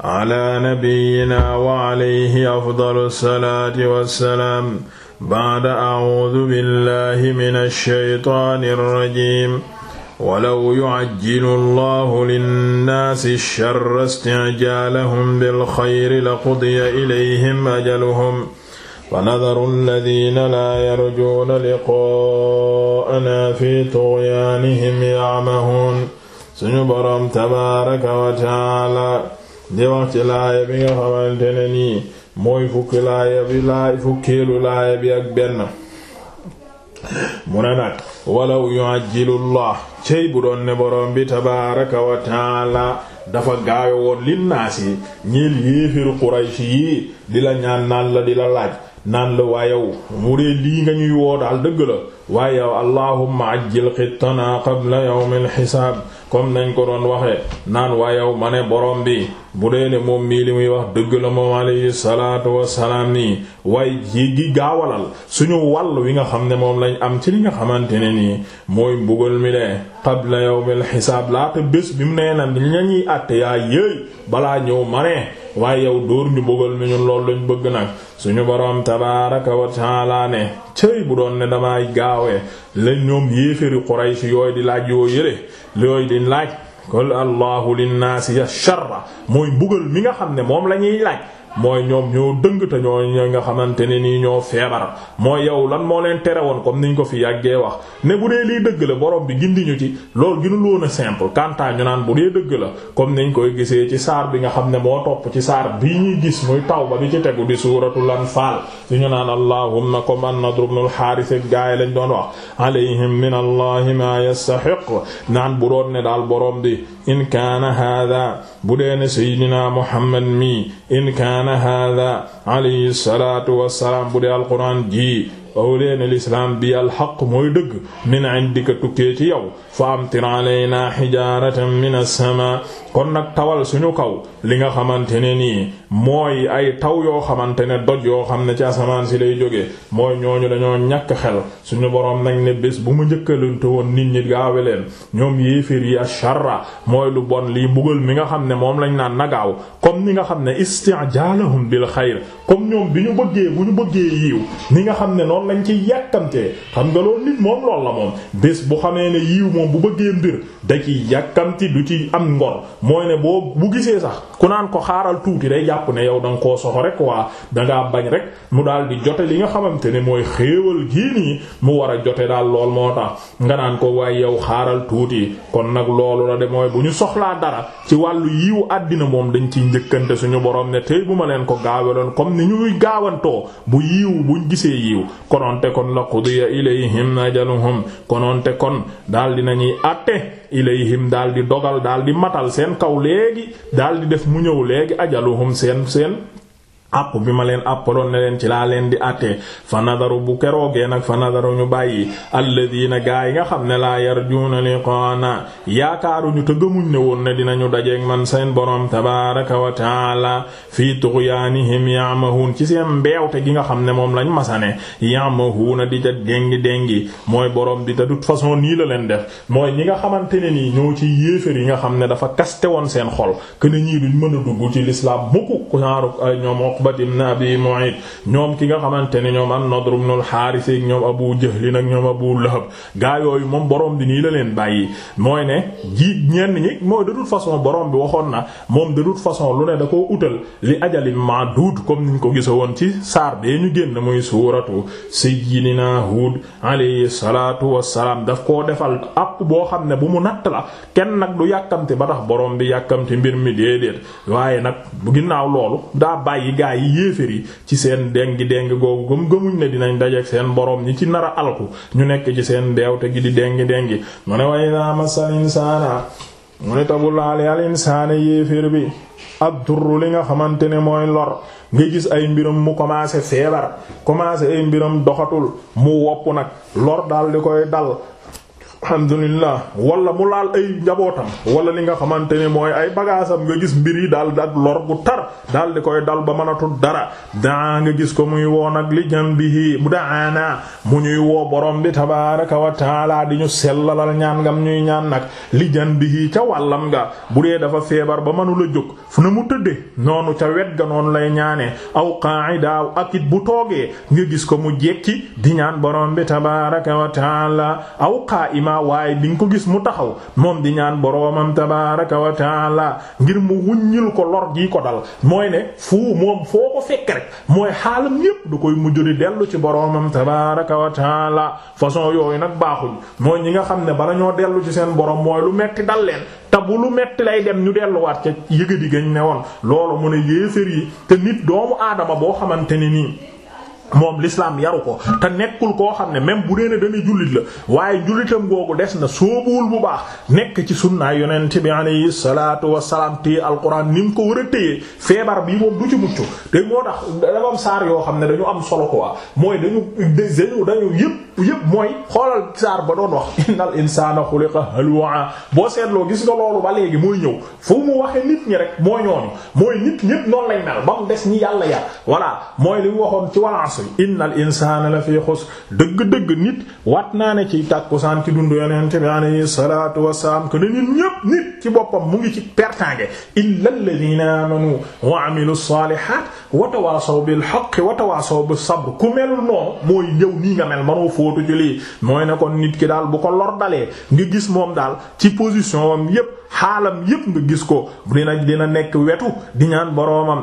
ala nabiyyina wa alayhi afdalu salaati wassalaam ba'da a'uudu billahi minash shaytaanir rajiim walaw yu'ajjilu allahu linnaasi sharra isti'jaalahum bil xayri laqudiya ilayhim ajaluhum fa nadaru alladina laa yarjuuna liqaa'anaa fi tughyaanihim ya'mahuun suñu boroom tabaaraka wa ta'aala di ci laaya bi nga xamante ne nii mooy fukki laaya bi laay fukkeelu laaya bi ak benn mu ne nag walaw yuajjilullah cey bu doon ne bi tabaaraka wa taala dafa gaawe woon lin naasi ñiil yéeféru qurayshi yii di la ñaan naan la di la laaj naan la mu dee lii nga ñuy woo daal dëgg la waaye yow allahumma ajjil xittana qabla yawmil xisaab comme nañ ko doon waxee naan waa yow ma ne borom bi bu dee ne moom mii li muy wax dëgg la moom alayhi salaatu wassalaam nii waaye ji gi gaawalal suñu wàll wi nga xam ne moom lañ am ci li nga xamante ne nii mooy mbugal mi de qabla yawmil xisaab laata bés bi mu nee na li nga ñuy àtte yaa yéey balaa ñëw ma ne waaye yow dóor ñu mbugal mi ñun loolu bëgg nag suñu borom tabaaraka wa taala ne gaawee lañ ñoom yéeféri Quraysh yooyu di laaj yoo yële yooyu di laaj kul allahu linnaasi ya sharra mooy mbugal mi nga xam ne moom lañuy laaj mooy ñoom ñoo dëng te ñoo ñoo nga xamante ne nii ñoo feebar mooy yow lan moo leen tere woon comme niñ ko fi yàggee wax ne bu dee lii dëgg la borom bi gindi ñu ci loolu ginu loon a simple kantaa ñu naan bu dee dëgg la comme niñ koy gisee ci saar bi nga xam ne moo topp ci saar bii ñuy gis muy ba bi ci tegu di suuratul anfaal su ñu naan allahumma comme an nadru ibnul haaris gaay lañ doon wax alayhim min allahi ma yastahiq naan bu doon ne daal borom bi in kaana bu dee ne sayyidina muhammad kaana hada alayhi salaatu wassalaam bu dee alquraan ji aw leen lislaam bi alxaq mooy dëgg min indika tukkee ci yow fa amtir alayna hijaratan min as-samaa kon nag tawal suñu kaw li nga xamante ne nii mooy ay taw yoo xamante ne doj yoo xam ne ci asamaan si lay jógee mooy ñooñu dañoo ñàkk xel suñu boroom nañ ne bés bu mu njëkkalante woon nit ñi gaawe leen ñoom yéeféer yi asharra mooy lu bon lii mbugal mi nga xam ne moom lañ naan nagaaw comme ni nga xam ne isti'jalahum bil xayr comme ñoom bi ñu bëggee bu ñu bëggee yiw ni nga xam ne noonu lañ ci yàkkamtee xam nga loolu nit moom lool la moom bés bu xamee ne yiiw moom bu bëggee mbir da ci yàkkamti du ci am ngor mooy ne boo bu gisee sax ku naan ko xaaral tuuti day jàpp ne yow da nga soxo rek waa dangaa bañ rek mu daal di jote li nga xamante ne mooy xéewal gii nii mu war a jote daal lool moo tax nga naan ko waaye yow xaaral tuuti kon nag loolu la de mooy bu ñu soxlaa dara ci wàllu yiw àddina moom dañ ci njëkkante suñu borom ne tey bu ma leen ko gaawaloon comme ni ñuy gaawantoo bu yiw buñ gisee yiw kononte kon la qudiya ilayhim ajaluhum kononte kon daal di nañuy àtte ilayhim daal di dogal daal di matal seen kaw léegi daal di def mu ñëw léegi ajaluhum seen seen àpp bi ma leen àppaloon ne leen ci laa leen di àttee fa nadaru bu keroogee nag fa nadaru ñu bàyyi alladina gaa yi nga xam ne laa yar yarjuuna liqaana yaakaaruñu te gëmuñ ne woon ne dinañu dajeek man seen borom tabaaraka wa taala fii tuxyaanihim yaamahuun ci seen mbeewte gi nga xam ne moom lañ masane yaamahuuna di ta déngi déngi mooy boroom di ta toute façon nii la leen def mooy ñi nga xamante ne nii ñoo ci yéefér yi nga xam ne dafa kaste woon seen xol que ne ñii duñ mën a dugg Uqbat ibn ñoom ki nga xamante ne ñoom am Nadr ibn al-Harith ak ñoom Abu Jahl nag ñoom Abu Lahab gaa yooyu moom borom bi nii la leen bàyyi mooy ne ji ñenn ñi mooy de façon borom bi waxoon na moom de toute façon lu ne da utal li ajalin ma'dud comme niñ ko gisa woon ci saar bee ñu génn muy suuratu Sayyidina Hud alayhi salaatu wassalaam daf koo defal app boo xam ne bu mu natt la kenn nag du yàkkamti ba tax borom bi yàkkamti mbir mi déedéet waaye nag bu ginnaaw loolu daa bàyyi gaa gaa yi yéefér yi ci seen déngi déngi googu gëm gëmuñ ne dinañ dajeek seen boroom ñi ci nara alku ñu nekk ci seen te gi di déngi déngi mu ne way naa masal insaana mu ne tabu laal yàlla insaana yéefér bi ab durru li nga xamante ne mooy lor nga gis ay mbiram mu commencé feebar commencé ay mbiram doxatul mu wopp nag lor daal koy dal alhamdulillah wala mu laal ay njabootam wala li nga xamante ne mooy ay bagaasam nga gis mbir yi daal ak lor tar daal di koy dal ba mënatul dara daa nga gis ko muy woo nag li jan bi bihi mu daana mu ñuy woo borom bi tabaraka wa taala di ñu sellalal ñaan ngam ñuy ñaan nag li jan bihi ca wàllam nga bu dee dafa feebar ba mënula jóg fu na mu tëdde noonu ca wet ga noonu lay ñaane aw qaa'ida ak bu toogee nga gis ko mu jekki di ñaan borom bi tabaraka naa waaye di nga ko gis mu taxaw moom di ñaan boroomam tabaaraka wa la ngir mu wuññil ko lor gii ko dal mooy ne fu moom foo ko fekk rek mooy xaalam yépp du koy mujj di dellu ci boroomam tabaaraka wa la façon yooyu nag baaxul mooy ñi nga xam ne bala ñoo dellu ci seen borom mooy lu metti dal leen te bu lu metti lay dem ñu delluwaat ca yëgadi gañ ne woon loolu mu ne yéeféer yi te nit doomu aadama boo xamante ne nii moom lislaam yaru ko te nekkul koo xam ne même bu dee ne dañuy jullit la waaye njullitam googu des na soobuwul bu baax nekk ci sunnaay yonent bi alayhi salaatu wassalaam téye alquran ni mu ko war a téye feebar bii moom du ci mucc te moo tax dafa am saar yoo xam ne dañu am solo quoi mooy dañu dañu dañu yépp yépp yépp mooy xoolal saar ba doon wax innal insaana xuliqa halu'a boo seetloo gis nga loolu ba léegi mooy ñëw fu mu waxee nit ñi rek mooy ñooñu mooy nit ñépp noonu lañ mel ba mu des ñi yàlla yar voilà mooy li mu waxoon ci wal asri innal insaana la fi xus dëgg-dëgg nit wat naa ne ci tàkkusaan ci dund yonent bi alayhi salaatu wassalaam que ne nit ñépp nit ci boppam mu ngi ci pertange illal ladina amanu wa amilu saalihaat wa tawaasaw bil haqqi wa tawaasaw bis ku melul noonu mooy fóotu ci lii mooy na kon nit ki daal bu ko lor dalee nga gis moom daal ci position am yépp xaalam yépp nga gis ko dina dina nekk wetu di ñaan boroomam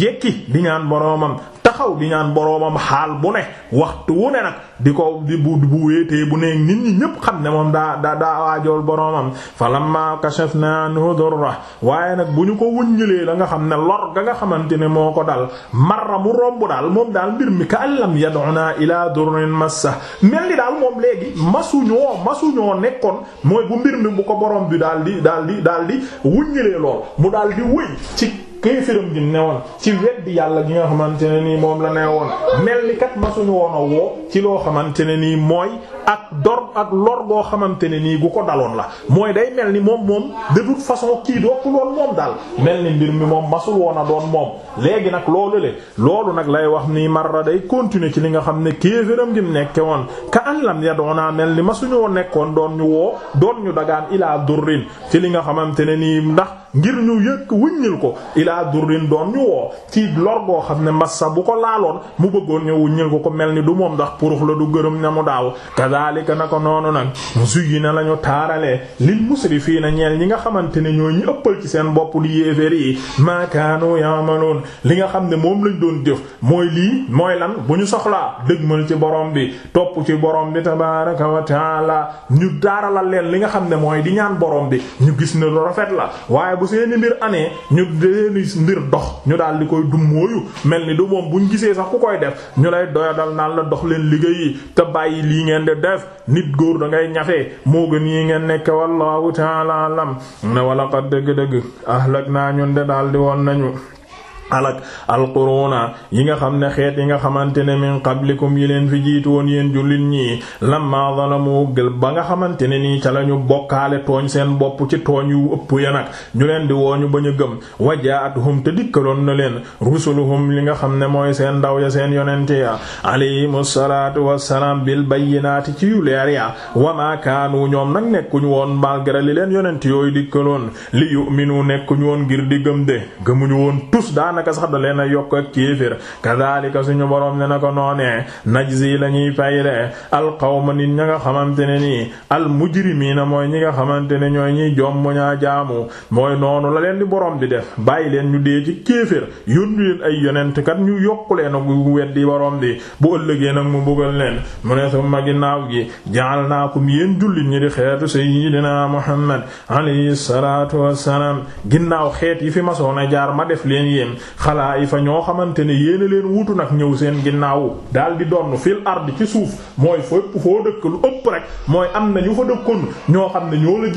jekki di ñaan boroomam taxaw di ñaan boroomam xaal bu ne waxtu wu ne nag di ko di bu bu wéetee bu ne nit ñi ñépp xam ne moom daa daa daa waajool boroomam falamma kashafna anhu durra waaye nag bu ñu ko wëññilee la nga xam ne lor ga nga xamante ne moo ko dal marra mu romb daal moom daal mbir mi ka allam yad'una ila durrin massa mel ni daal moom léegi masuñoo masuñoo nekkoon mooy bu mbir mi bu ko borom bi daal di daal di daal di wuññilee lool mu daal di wëy kéefëram gi newoon ci weddi yàlla gi nga xamante ne nii moom la newoon mel ni kat masuñu woon a woo ci loo xamante ne nii mooy ak dor ak lor goo xamante ne nii gu ko daloon la mooy day mel ni moom moom de façon kii dootul woon moom daal mel ni mbir mi moom masul woon a doon moom léegi nag loolu le loolu nag lay wax nii marra day continuer ci li nga xam ne kéefëram gi nekke woon ka an lam ya doonaa mel ni masuñu woon nekkoon doon ñu woo doon ñu dagaan ilaa durrin ci li nga xamante ndax ngir ñu yëkk wuññil ko ilaa durrin doon ñu woo ci lor goo xam ne massa bu ko laaloon mu bëggoon ñu wuññil ko ko mel ni du moom ndax purux la du gërëm na mu daaw kadhalika na ko noonu nag na lañu taaralee fii na ñeel ñi nga xamante ne ñoo ñu ëppal ci seen bopp di yéeféer yi ma kaanu ya'malun li nga xam ne moom lañ doon def mooy lii mooy lan bu ñu soxlaa dëgmal ci borom bi topp ci borom bi tabaaraka wa taala ñu daaralal leen li nga xam ne mooy di ñaan borom bi ñu lu rafet la bu seeni mbir anee ñu deeni mbir dox ñu daal di koy dummóoyu mel ni du moom buñ gisee sax ku koy def ñu lay doyadal naan la dox leen liggéey te bàyyi lii ngeen di def nit góor da ngay ñafee moo gën yi ngeen nekk wallahu ta'ala alam ne wala qad dëgg-dëgg ahlak naa ñun de daal di woon nañu alak alquruna yi nga xam ne xeet yi nga xamante ne min qablikum yi leen fi jiitu woon yéen jullit ñi lamma zalamu gël ba nga xamante ne nii ca la ñu bokkaale tooñ seen bopp ci tooñ yu ëpp ya nag ñu leen di woo ñu bañ a gëm wajaatuhum te dikkaloon na leen rusuluhum li nga xam ne mooy seen ndaw ya seen yonente ya alayhimu salaatu wassalaam bil bayyinaati ci yu leer ya wa ma kaanu ñoom nag nekkuñu woon malgré li leen yonent yooyu dikkaloon li yu'minu nekkuñu woon ngir di gëm de gëmuñu daanaka sax da leen a yokk ak kéefér kadhalika suñu boroom ne na ko noonee najzi la ñuy fayre alqawma nit ña nga xamante ne nii al mujrimiina mooy ñi nga xamante ne ñooy ñiy joom mu ñaa jaamu mooy noonu la leen di boroom di def bàyyi leen ñu dee ci kéefér yónni leen ay yonent kat ñu yokku leen ak weddi boroom bi bu ëllëgee nag mu bëggal leen mu ne summa ginnaaw gi ja'alnaakum yéen jullit ñi di xeetu sayyidina Muhammad alayhi salaatu wassalaam ginnaaw xeet yi fi masoon a jaar ma def leen xalaa yi fa ñoo xamante ne yéena leen wutu nag ñëw seen ginnaaw daal di donn fil ard ci suuf mooy fépp foo dëkk lu ëpp rek mooy am na ñu fa dëkkoon ñoo xam ne ñoo la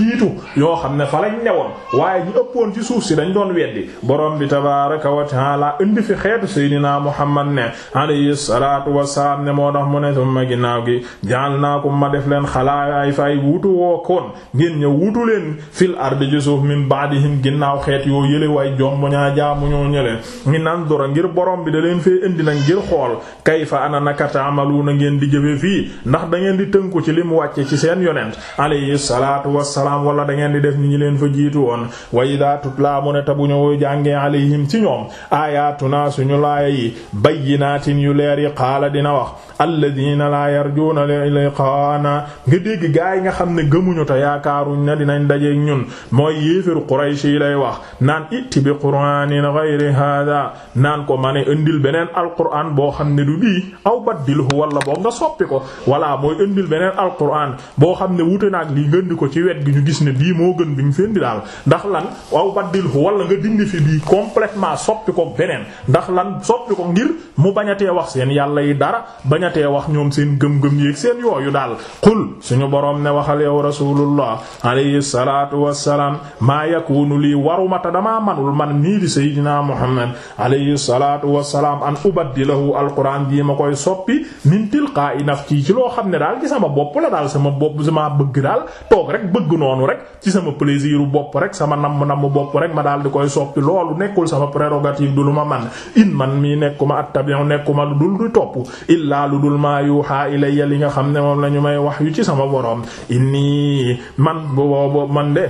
yoo xam ne fa lañ newoon waaye ñu ëppoon ci suuf si dañ doon weddi borom bi tabaaraka wa taala indi fi xeetu seydinaa muhammad ne alayhi salaatu wassalaam ne moo tax mu ne suma ginnaaw gi jaal naa ko ma def leen xalaa ay fay wutu wookoon ngeen ñëw wutu leen fil ard ci suuf min baadihim ginnaaw xeet yoo yële way ñaa jaamu ñoo ñële naan nanzura ngir borom bi da leen fee indi nag ngir xool kayfa ana naka ta'maluna ngeen di jëfe fii ndax dangeen ngeen di tënku ci lim wàcce ci seen yonent alayhi salaatu wassalaam wala dangeen di def ni ñi leen fa jiitu woon wa idha laa mu ne ta bu ñëw jàngee alayhim ci ñoom naa suñu laaya yi bayyinatin yu leer yi xaala dina wax na alladina la yarjuuna liqaana nga dégg gaa yi nga xam ne gëmuñu te yaakaaruñ na dinañ dajeek ñun mooy yéeféru lay wax hada naan ko ma ne indil beneen alquran boo xam ne du bii aw baddilhu wala boo nga soppi ko wala mooy indil beneen alquran boo xam ne wute naag lii ngëndi ko ci wet gi ñu gis ne bii moo gën bi ñu fendi daal ndax lan aw baddilhu wala nga dindi fi bii complètement soppi ko beneen ndax lan soppi ko ngir mu bañatee wax seen yàlla yi dara bañatee wax ñoom seen gëm-gëm yéeg seen yooyu daal qul suñu boroom ne waxal yow rasulullah alayhi salatu Muhammad alayhi salaatu wassalaam an ubaddilahu alquran jii ma koy soppi min tilqaa'i nafsi ci loo xam ne daal ci sama bopp la daal sama bopp sama bëgg daal toog rek bëgg noonu rek ci sama plaisir bopp rek sama namm namm bopp rek ma daal di koy soppi loolu nekkul sama prérogative du lu ma man in man mii nekkuma attabi'u nekkuma lu dul du topp illaa lu dul maa yuuhaa ilayya li nga xam ne moom la ñu may wax yu ci sama borom inni man bo man de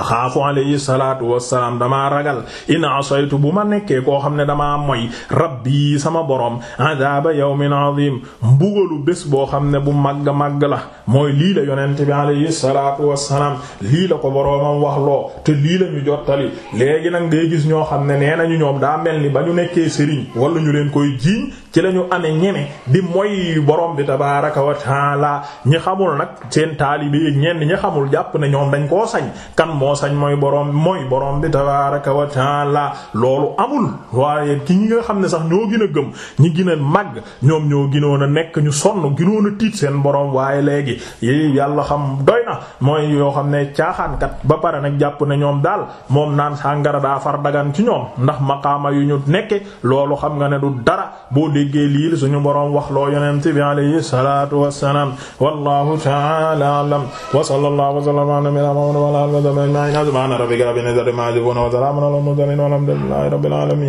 axaafu alayhi salaatu wassalaam damaa ragal in asaytu bu ma nekkee koo xam ne damaa moy rabbi sama borom adaba yawmin azim mbugalu bés boo xam ne bu màgg màgg la mooy lii la yonent bi alayhi salaatu wassalaam lii la ko boroomam wax loo te lii lañu ñu jottali léegi nag day gis ñoo xam ne nee nañu ñoom daa mel ni ba ñu nekkee sëriñ wala ñu leen koy jiiñ ci la ñu amee ñeme di moy borom bi tabaaraka wa taala ñi xamul nag seen taalibe ñenn ñi xamul jàpp ne ñoom dañ koo sañ moo sañ mooy borom mooy borom bi tabaaraka wa taala loolu amul waaye ki ñi nga xam ne sax ñoo gën a gëm ñi gën a màgg ñoom ñoo gënoon a nekk ñu sonn gënoon a tiit seen borom waaye léegi yàlla xam bid'a ah, mooy yoo xam ne caaxaankat ba pare nag jàpp ne ñoom daal moom naan sàngara daa far dagan ci ñoom ndax maqaama yu ñu nekke loolu xam nga ne du dara boo déggee lii suñu boroom wax loo yonent bi alayhi salaatu wassalaam wallahu ta'ala a'lam wa sallallahu wa sallama ala nabiyyina muhammadin wa ala alihi wa sahbihi ajma'in subhana rabbika rabbil izzati amma yasifun wa salamun ala al mursalin